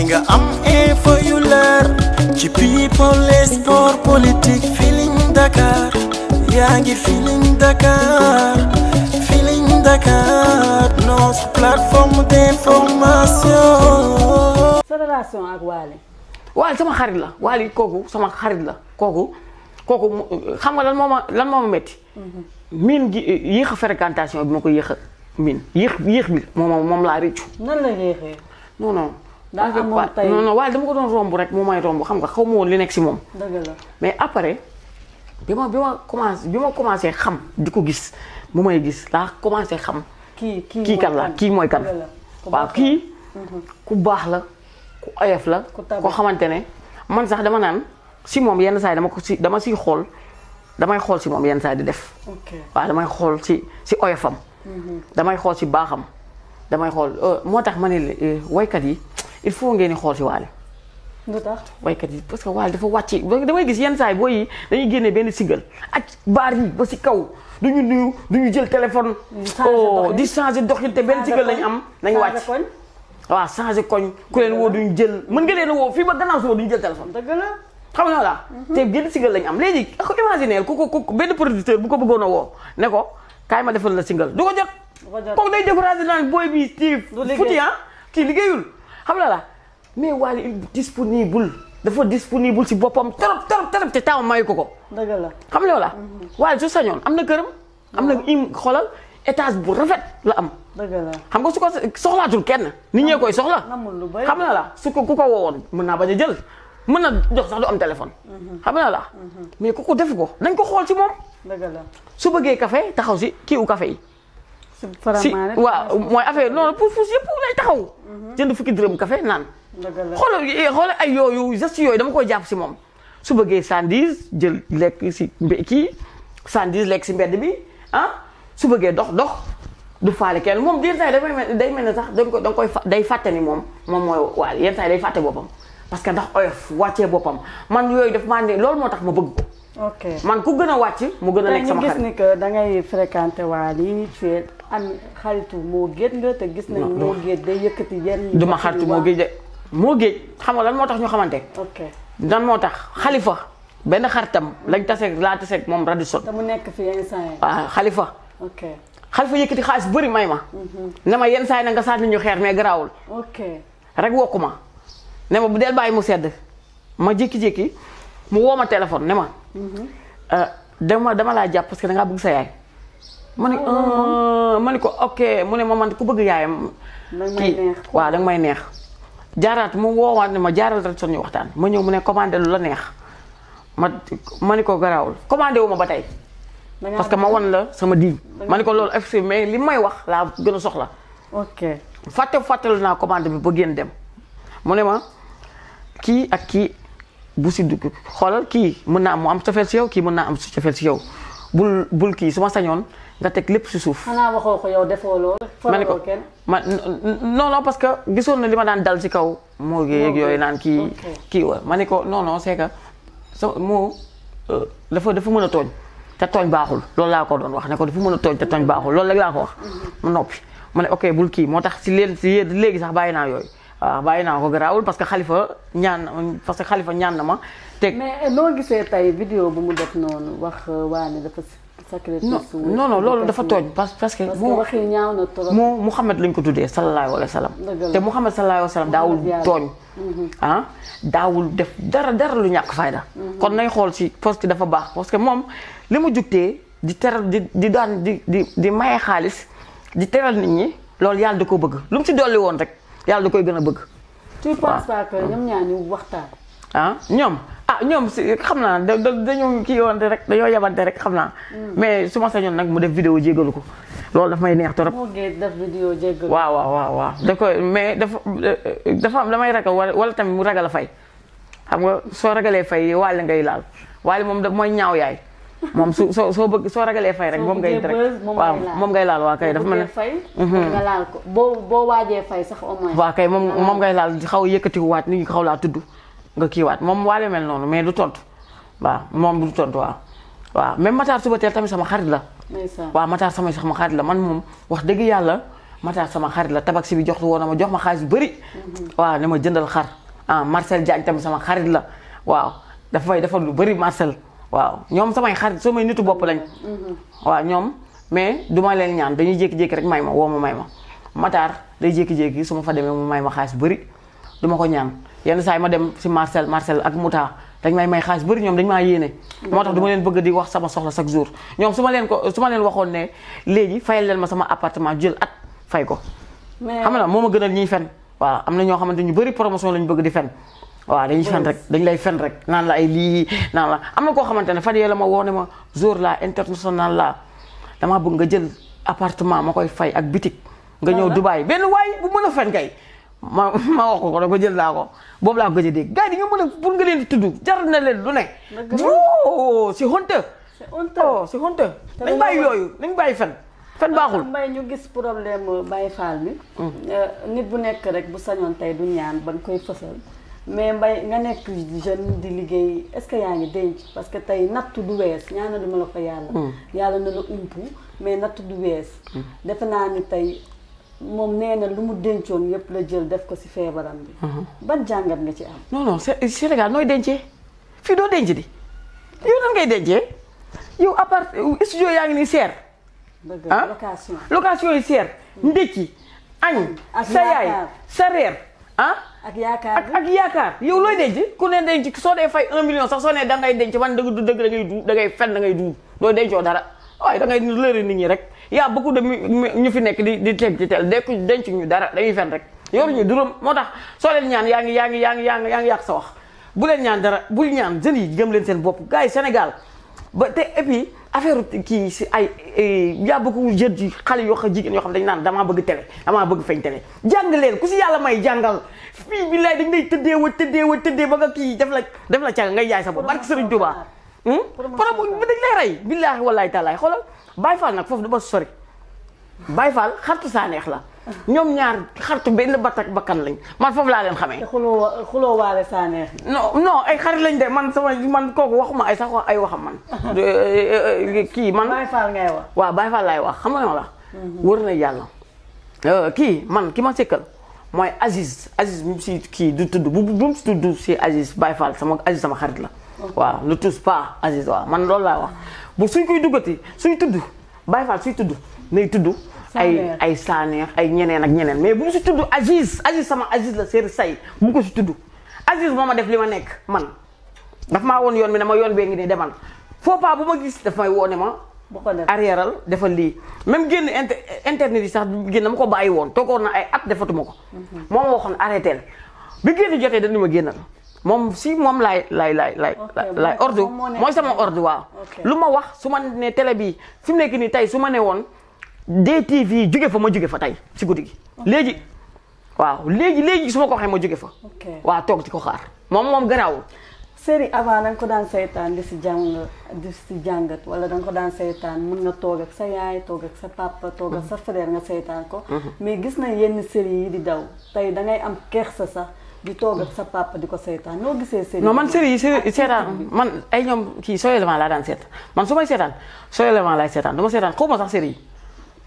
di nga am info yu leer ci people sport politique Feeling Dakar yaa ngi Feeling Dakar Feeling Dakar nos plateforme d'information. sa relation ak Waly. Waly sama xarit la Waly kooku sama xarit la kooku kooku xam nga lan moo lan moo ma métti. Mhm. miin gi yéex a bi ma ko yéex a miin yéex yéex bi moom laa rëccu. nan la yéexee. non non. daal moom tey non non waaye dama ko doon romb rek moo may romb xam nga xaw ma woon li nekk si moom. dëgg la mais après bi ma bi ma commencé bi ma commencé xam di ko gis mu may gis daa commencé xam. kii kii kan la kii mooy kan. waaw kii. Mhm. ku baax la ku oyof la. koo xamante ne man sax dama naan si moom yenn saa yi dama ko si dama siy xool damay xool si moom yenn saa yi di def. waaw damay xool si si oyofam. Mhm. damay xool si baaxam. damay xool euh, moo tax ma ne euh, waykat yi. il faut ngeen di xool ci waale. lu tax waykat yi parce que waale dafa wàcc damay gis yenn saa yi booy yi dañuy génne benn single ak baar yi ba si kaw du ñu nuyu du ñu jël téléphone. di changer oh, doxin te benn single lañu am. nañu wàcc waaw changer koñ ku leen woo duñu jël mën nga leen woo fii ba gannaaw suba duñu jël téléphone. dëgg la la mhm. te génn single lañu am léegi ko imaginer ku ko ku benn producteur bu ko bëggoon a woo ne ko kaay ma defal la single du ko jot. ko jot kooku day découragé booy bi ci futi ah, kii liggéeyul xam la la mais Wally il disponible dafa disponible si boppam trop trop trop te taaw mayu ko ko. dëgg la xam nga la mhm. Wally su sañoon am na këram. am na mhm. im xoolal étage bu rafet la am. dëgg la xam nga su ko soxlaatul kenn. ni ñëwee koy soxla. xam na la su ko ku ko woowoon mën naa bañ a jël. mën na jox sax du am téléphone. Mhm. xam na la mais ku ko def ko nañ ko xool ci moom. dëgg la su bëggee café taxaw si kii u café yi. si waaw mooy affaire noonu pour pour yëpp lay taxaw. Mhm. jënd fukki dërëm café naan. xoolal eh, xoolal ay yooyu geste yooyu dama koy jàpp si moom. su bëggee sandis jël lekk si mbé kii sandis lekk si mbedd bi ah su bëggee dox dox du faale kenn moom yenn saa day mel ne sax dañ ko dañ koy day fàtte ni moom mooy waa yenn saa yi fàtte boppam. parce que ndax oyof wàccee boppam man yooyu daf maa ne loolu moo tax ma bëgg ko. ok man ku gën a wàcc mu gën a nekk sama xarit. tey ñu gis ni que da ngay fréquenté am xaritu moo gis nañ moo géej day yëkkati yenn duma xaritu moo géej de moo géej xam nga lan moo tax ñu xamante ok lan moo tax xalifa benn xaritam lañ taseeg laa taseeg moom Radisson te mu nekk fi instant waaw xalifa ah, ok xalifa yëkkati xaalis bëri may ma mhm. ne ma yenn saay yi na nga sànni ñu xeer mais garaawul ok rek wokku ma ne bu deel bàyyi mu sedd ma jékki-jékki mu woo ma téléphone ne ma mhm. euh, dama dama laa jàpp parce que da sa yaay ma ne ah, ah, ah, ma ne ko ok mu ne ma man ku bëgg yaayam. kii waaw danga may neex. jaaraat mu woowaat ne ma jaaral rek ñu waxtaan ma ñëw mu ne commandé lu la neex ma ma ne ko garaawul commandé wu ma ba tey. parce que ma wan la sama diim. ma ne ko loolu FC mais li may wax laa gën a soxla. ok fàtte fàttalu naa commande bi ba génn dem. mu ne ma kii ak kii bu si dugg xoolal kii mën naa mu am cofeel si yow kii mën naa am cofeel si yow bul bul kii su ma sañoon. nga teg lépp si suuf. xanaa waxoo ko yow defoo loolu. ma ne ko ma non non parce que gisoon na li ma daan dal ci kaw. moo yeeg yooyu naan kii kii wa ma ne ko non non c'est que so euh, dafa dafa mën a tooñ te tooñ baaxul loolu laa ko doon wax ne ko dafa mën a tooñ te tooñ baaxul loolu laa ko wax. mu mhm. noppi ma ne ok bul kii moo tax si leen si yéen léegi sax bàyyi naa yooyu. waaw ah, bàyyi naa ko garaawul parce que xalifa ñaan parce que xalifa ñaan na ma. teg mais noo gisee tey vidéo bu non non loolu dafa tooñ parce parce que mu Muhammad lañ ko tuddee sallallahu alayhi wa sallam te Muhammad sallallahu alayhi wa sallam daawul tooñ mhm. ah daawul def dara dara lu ñàkk fayda mhm. kon nañ xool si poste dafa baax parce que moom li mu jugtee di teral di di daan di di di maye xaalis di teral nit ñi loolu yàlla di ko bëgg lu mu si dolli woon rek yàlla da koy gën a bëgg tu penses pas que ñoom ñaar ah ñoom ñoom si xam naa da dañu kii de rek dañoo yabante rek xam naa. Mm. mais su ma sañoon nag mu def vidéo jégalu ko loolu daf may neex trop. mu ngi def vidéo jégalu. waaw waaw waaw waaw da koy mais dafa dafa am damay ragal wala tamit mu ragal a fay xam nga soo ragalee fay waale ngay laal waale moom da mooy ñaaw yaay. moom su soo soo bëgg soo ragalee fay rek. moom ngay direct waaw moom ngay laal waa kay dafa mel fay mhm. nga laal boo boo waajee fay sax au moom moom ngay laal xaw yëkkati waat nit ñi xaw laa tudd. nga kiiwaat moom waa mel noonu mais du tontu waaw moom du tontu waaw. waaw même Matar suba teel tamit sama xarit la. waaw Matar sama sama xarit la man moom wax dëgg yàlla Matar sama xarit la tabax bi jox woon na ma jox ma xaalis yu bëri. Mhm. waaw ne jëndal xar ah Marcel Diagne tamit sama xarit la waaw dafa may defal lu bëri Marcel. waaw ñoom samay xarit may nitu bopp lañ. Mhm. waaw ñoom mais du ma leen ñaan dañuy jékki-jékki rek may ma woo ma may ma Matar day jékki-jékki su ma fa demee mu may ma xaalis bëri du ma ko ñaan. yenn saa yi ma dem si Marcel Marcel ak Mouta dañ may may xaalis bëri ñoom dañ maa yéene. moo tax du leen bëgg di wax sama soxla chaque jour. ñoom su ma leen ko su ma leen waxoon ne léegi fayal leen ma sama apartement jël at fay ko. xam na moo ma gënal ñuy fen. waaw am na ñoo xamante ñu bëri promotion lañ bëgg di fen. waaw dañuy fen rek dañ lay fen rek naan la ay lii naan la am na koo xamante ne fan yee la ma woo ma jour la international laa damaa bëgg nga jël appartement ma koy fay ak bitik. nga ñëw Dubaay benn waay bu a fen kay ma ma wax ko ko jël naa ko boobu laa ko gëj a dégg gars yi nga mën a pour nga leen di tudd jar na leen lu ne. dëgg c'est honteux. c'est honteux oh c'est honteux. nañ bàyyi yooyu nañ bàyyi fen. fen baaxul mbay ñu gis problème Baye Fall bi. Hmm. Euh, nit bu nekk rek bu sañoon tey du ñaan ba nga koy fësal. mais mbay nga nekk jeune di liggéey est-ce que yaa ngi denc parce que tey nattu du wees ñaanaluma la ko yàlla. Hmm. yàlla na la umpu mais natt du wees. Hmm. defe naa ni tey moom nee na lu mu dencoon yépp la jël def ko si feebaram bi. Uh-huh. ban jàngat nga ci am. non non Sénégal nooy dencee fii doo denc di yow nan ngay dencee yow appart studio yaa ngi nii seer. Ah? location location yi seer. Hmm. ndékki añ. sa yaay sa reer ah. ak yaakaar ak yow looy denc ku ne denc soo dee fay un million sax soo ne da ngay denc man dëgg du dëgg da ngay du ngay fen da ngay du doo dencoo dara waaye da ngay lëri nit ñi rek. y' a beaucoup de ñu fi nekk di di teg ci teel de denc ñu dara dañuy fen rek yoruñu duram moo tax soo leen ñaan yaa ngi yaa ngi yaa ngi yaa ngi yaa ngi yàq sa wax bu leen ñaan dara bul ñaan jeunes yi gëm leen seen bopp gars yi Sénégal ba te et puis affaire kii si ay y' a beaucoup jeunes yi xale yoo xam jigéen yoo xam dañu naan damaa bëgg télé damaa bëgg feeñ télé jàng leen ku si yàlla may jàngal fii bi laay dañ lay tëddee wa tëddee wa tëddee ba nga kii def la def la càng ngay jaay sa bopp barki Sëriñ Tuubaa Hmm? promotion bi dañ lay rey billaahi wallaahi taalaay xoolal Baye nag foofu du ma sori Baye Fall saaneex la ñoom ñaar xartu benn batak bakkan lañ man foofu laa leen xamee. xuloo xuloo waale saaneex. non non ay xarit lañ de man sama man kooku waxuma ay sax ay waxam man. Eh, eh, eh, kii man Baye Fall ngay wax. waaw Baye wax xam nga la. Mhm. wër na yàlla euh, kii man ki ma sekkal mooy Aziz Aziz mu si kii du tudd bu bu mu si tudd si Aziz sama Aziz sama xarit la. waaw ne touche pas Aziz waaw man loolu laa wax bu suñ koy duggati suy tudd Baye Fall suy tudd nay tudd ay ay Sanex ay ñeneen ak ñeneen mais bu mu si tudd Aziz Aziz sama Aziz la séeri say bu mu ko si tudd Aziz moo ma def li ma nekk man daf maa woon yoon mi ne ma yoon bee ngi ne demal faut pas bu ma gis daf may woone ma arrièral defal lii même génn inter internet yi sax génn ma ko bàyyi woon toogoon na ay at defatuma ko mhm. moo ma waxoon arrêté bi génn jotee dañu ma génnal moom si moom laay laay laay laay laay ordre mooy sama ordre waaw lu ma wax su ma ne télé bi fi mu nekk nii tey su ma ne woon DTV jóge fa ma jóge fa tey si guddi gi léegi waaw léegi léegi su ma ko waxee ma jóge fa waaw toog di ko xaar moom moom garaawul série avant da ko daan seytaan di si jàng di si jàngat wala da ko daan seytaan mën nga toog ak sa yaay toog ak sa papa toog ak sa mhm. frère nga seytaan ko mhm. mais gis na yenn série yi di daw tey da ngay am kersa sax di toog ak di ko seetaan noo gisee série man série yi seetaan man ay ñoom kii Soleil Levant laa daan seet man su may seetaan Soleil Levant laay seetaan dama seetaan xaw ma sax série yi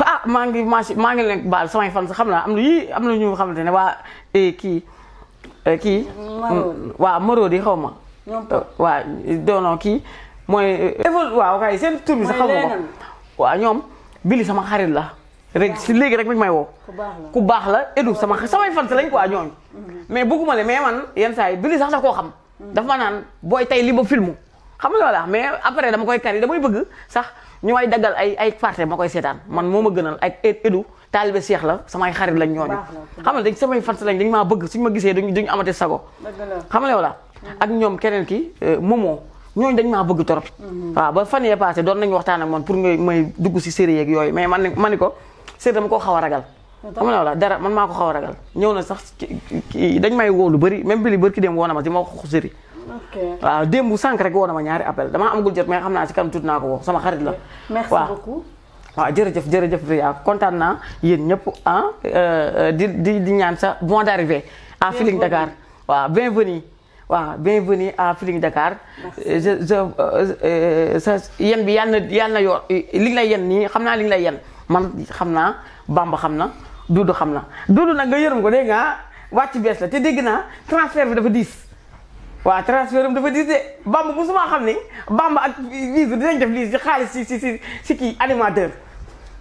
ah maa ngi maa ngi leen baal samay fan sax xam naa am na yii am na ñu xamante ne waa eh, kii eh, kii waaw Marodi xaw ma waaw doonoon kii mooy évol eh, waaw kay seen tur bi sax xaw ma ko ñoom Billy sama xarit la rek si léegi rek mi may woo. ku baax la ku baax la edu sama samay fans lañ quoi ñooñu. Mm-hmm. mais bëgguma le mais man yenn saa yi Billy sax da koo xam. Mm-hmm. dafa ma naan booy tey li ba filmu xam nga loola mais après dama koy kari damay bëgg sax ñu may ay ay parties ma koy seetaan man moo ma gënal ak edu taalibe Cheikh la samay xarit lañ ñooñu. xam nga dañ samay fans lañ dañ maa bëgg suñ ma gisee duñ duñ amati sago. xam nga loola. Mm-hmm. ak ñoom keneen ki euh, Momo. ñooñu dañ maa bëgg torop ba fan yee passé doon nañu waxtaan ak man pour nga may dugg si série yeeg yooyu mais man man ni ko seet dama ko xaw a ragal. xam nga dara man maa ko xaw a ragal. ñëw na sax ki dañ may woo lu bëri même bi li barki dem woo ma di ma wax ko sëri. ok waaw démb sànq rek woo na ma ñaari appel damaa amagul jot mais xam naa si kanam tuuti naa ko woo sama xarit la. merci beaucoup waaw jërëjëf jërëjëf Ria kontaan naa yéen ñëpp ah euh, euh, di di ñaan sa bon d'arrivée à Feeling Dakar waaw bienvenue waaw bienvenue à Feeling Dakar euh, je je yen bi yal na yal na li lay yen nii xam naa li lay yen man xam naa Bamba xam na Duudu xam na Duudu nag nga yërëm ko dégg nga wàcc bees la ti dégg naa transfert bi dafa diis waaw transfert am dafa diis de Bamba ba suma xam ne Bamba ak Bijou dinañ def lii xaalis si si si si kii animateur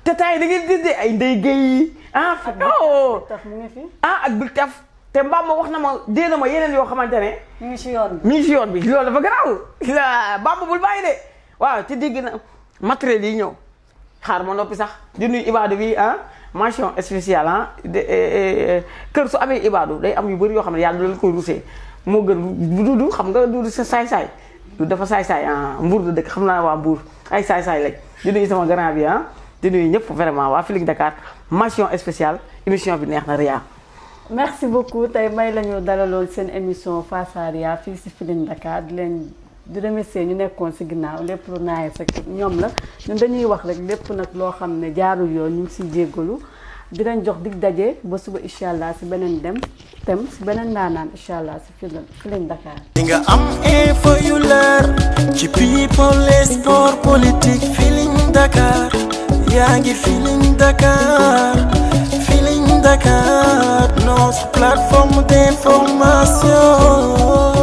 te temps yi da ngeen gis de ay ndey géey ah Fatou oh. ah ak Big Taf te Bamba wax na ma dee na ma yeneen yoo xamante ne. mi ngi si yoon bi mi ngi si yoon bi loolu dafa garaaw Bamba bul bàyyi de waaw te dégg na matériel yi ñëw. xaar ma noppi sax di nuyu ibaadu bi ah mention spéciale ah eh, eh, eh, kër su amee ibaadu day am yu bëri yoo xam ne yàlla du leen koy rusee moo gën bu dudu xam nga dudu sa saay-saay du dafa saay-saay ah mbuur da dëkk xam naa waa mbuur ay saay-saay lañ di nuyu sama grand bi ah di nuyu ñëpp vraiment waa Feeling Dakar mention spéciale émission bi neex na Ria merci beaucoup tey may la dalaloon seen émission Face à Ria fii si Feeling Dakar leen di remercier ñu nekkoon si ginnaaw lépp lu naayee sa ñoom la ñun dañuy wax rek lépp nag loo xam ne jaarul yoon ñu ngi siy jéggalu dinañ jox dig daje ba suba incha allah si beneen dem tem si beneen ndaanaan incha allah si fi Feeling Dakar. di nga am info yu ci people sport politique Feeling Dakar yaa ngi Feeling Dakar Feeling Dakar notre plateforme d'information.